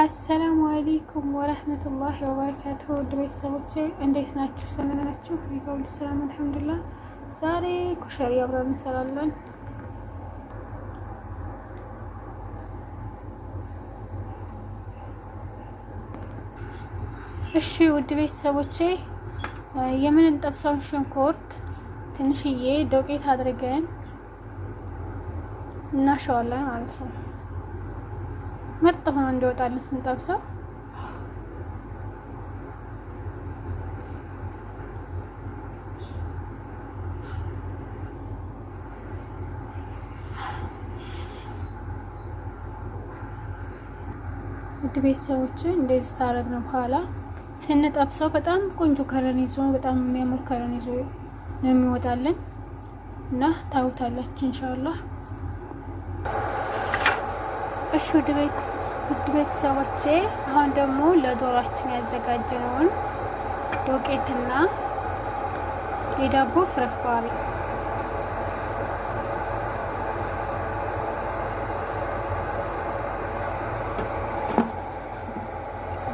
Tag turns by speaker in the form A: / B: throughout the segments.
A: አሰላሙ አሌይኩም ወረህመቱላህ ወበረካቱ ውድ ቤተሰቦች እንዴት ናችሁ? ሰላም ናችሁ? ሁሉ ሰላም አልሐምዱሊላህ። ዛሬ ኩሸሪ አብረን እንሰራለን። እሺ ውድ ቤተሰቦቼ የምንጠብሰውን ሽንኩርት ትንሽዬ ዶቄት አድርገን እናሸዋለን ማለት ነው። ምርጥ ሆኖ እንደወጣለን ስንጠብሰው ውድ ቤተሰቦች እንደዚህ ታረግ ነው በኋላ ስንጠብሰው በጣም ቆንጆ ከረን ይዞ በጣም የሚያምር ከረን ይዞ ነው የሚወጣልን እና ታውታላችሁ ኢንሻአላህ። እሺ ውድ ቤት ውድ ቤተሰቦቼ አሁን ደግሞ ለዶሯችን ያዘጋጀነውን ዶቄትና የዳቦ ፍርፋሪ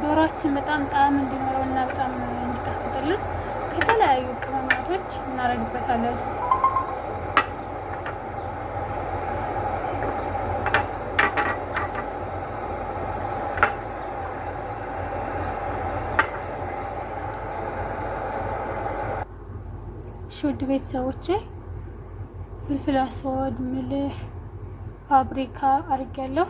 A: ዶሯችን በጣም ጣዕም እንዲኖረውና በጣም እንዲጣፍጥልን ከተለያዩ ቅመማቶች እናደርግበታለን። ውድ ቤተሰቦቼ ፍልፍል አስዋድ ምልህ ፋብሪካ አድርጌያለሁ።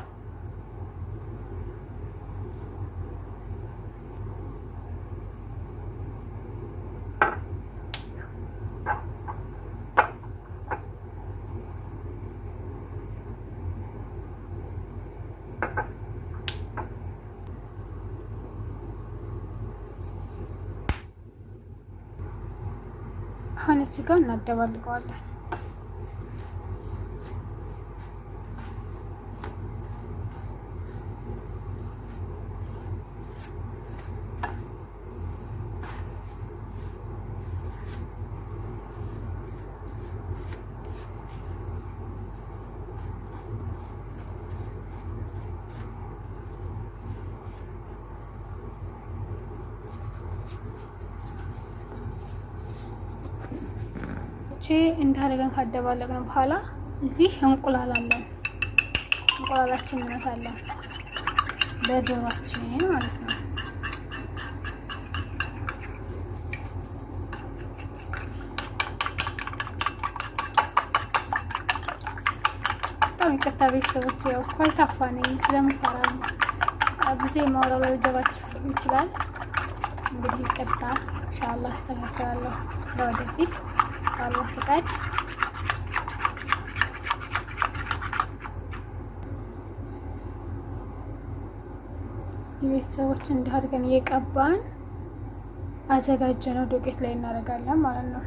A: ከነ ስጋ እናደባልቀዋለን። አዘጋጅቼ እንዳደረገን ካደባለቅን በኋላ እዚህ እንቁላል አለን። እንቁላላችን እንመታለን በዶሯችን ማለት ነው። በጣም ይቅርታ ቤተሰቦች፣ ያው ኮልታፋ ነኝ ስለምፈራ ብዙ የማውራው ሊገባችሁ ይችላል። እንግዲህ ይቅርታ። ኢንሻአላህ አስተካክላለሁ ለወደፊት በአላህ ፍቃድ የቤተሰቦች እንዲህ አድርገን እየቀባን አዘጋጀነው ዱቄት ላይ እናደርጋለን ማለት ነው።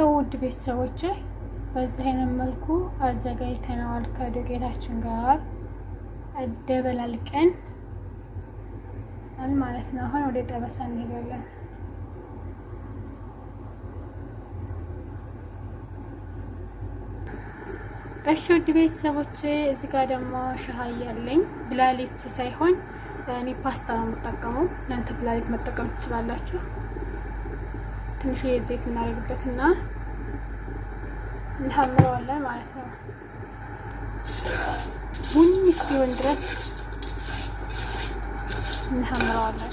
A: ይኸው ውድ ቤተሰቦች በዚህ አይነት መልኩ አዘጋጅተነዋል። ከዱቄታችን ጋር አደበላልቀን ማለት ነው። አሁን ወደ ጠበሳ እንሄዳለን። እሺ ውድ ቤተሰቦች እዚህ ጋር ደግሞ ሻሃይ እያለኝ ብላሊት ሳይሆን እኔ ፓስታ ነው የምጠቀመው። እናንተ ብላሊት መጠቀም ትችላላችሁ። ትንሽ ዘይት እናደርግበትና እንሀምረዋለን ማለት ነው። ቡኒ እስኪሆን ድረስ እንሀምረዋለን።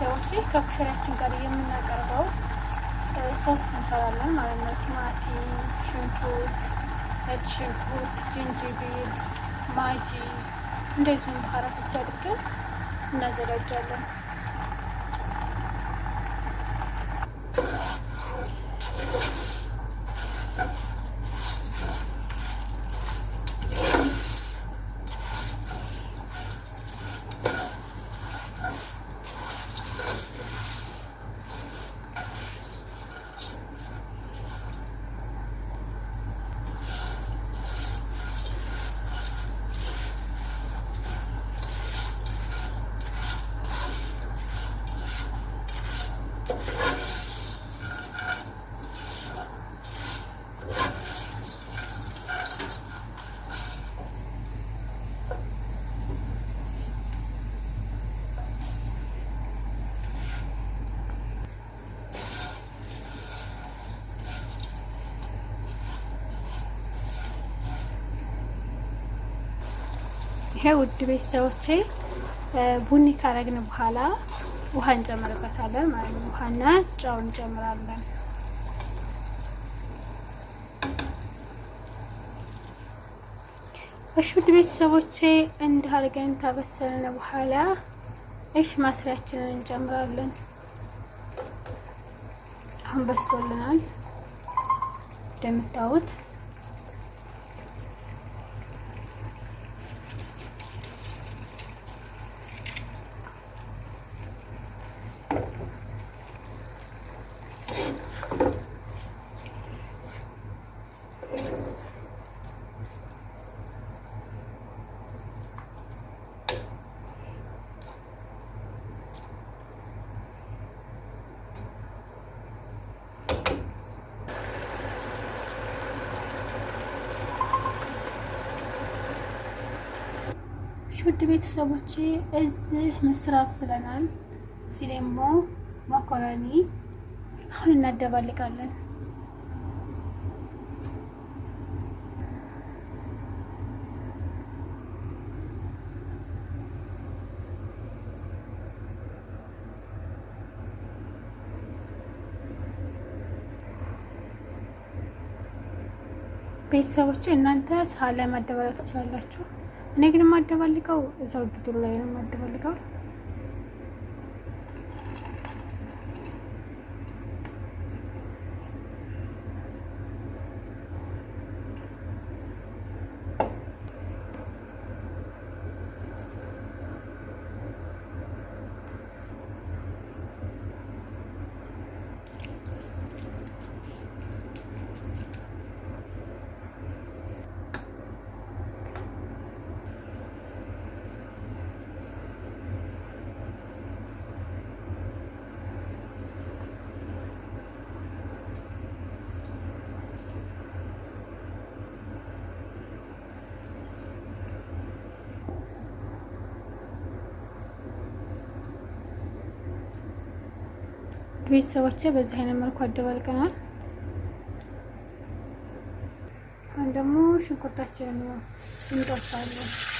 A: ቤተሰቦቼ ከኩሽናችን ጋር የምናቀርበው ሶስት እንሰራለን ማለት ነው። ቲማቲም፣ ሽንኩርት፣ ነጭ ሽንኩርት፣ ጅንጅቢል፣ ማጂ እንደዚሁም ባህራቶች አድርገን እናዘጋጃለን። ይሄ ውድ ቤተሰቦቼ ቡኒ ካረግን በኋላ ውሃ እንጨምርበታለን ማለት ነው። ውሃና ጨው እንጨምራለን። እሺ ውድ ቤተሰቦቼ እንዲህ አድርገን ታበሰልን በኋላ እሽ ማስሪያችንን እንጨምራለን። አሁን በስቶልናል እንደምታዩት ውድ ቤተሰቦቼ እዚህ ምስር አብስለናል። እዚህ ደግሞ ማኮረኒ አሁን እናደባልቃለን። ቤተሰቦች እናንተ ላይ ማደባለቅ ትችላላችሁ። እኔ ግን የማደባልቀው እዛው ግጥሩ ላይ ነው የማደባልቀው። ቤተሰቦቼ በዚህ አይነት መልኩ አደባልቀናል። አሁን ደግሞ ሽንኩርታችንን እንጠብሳለን።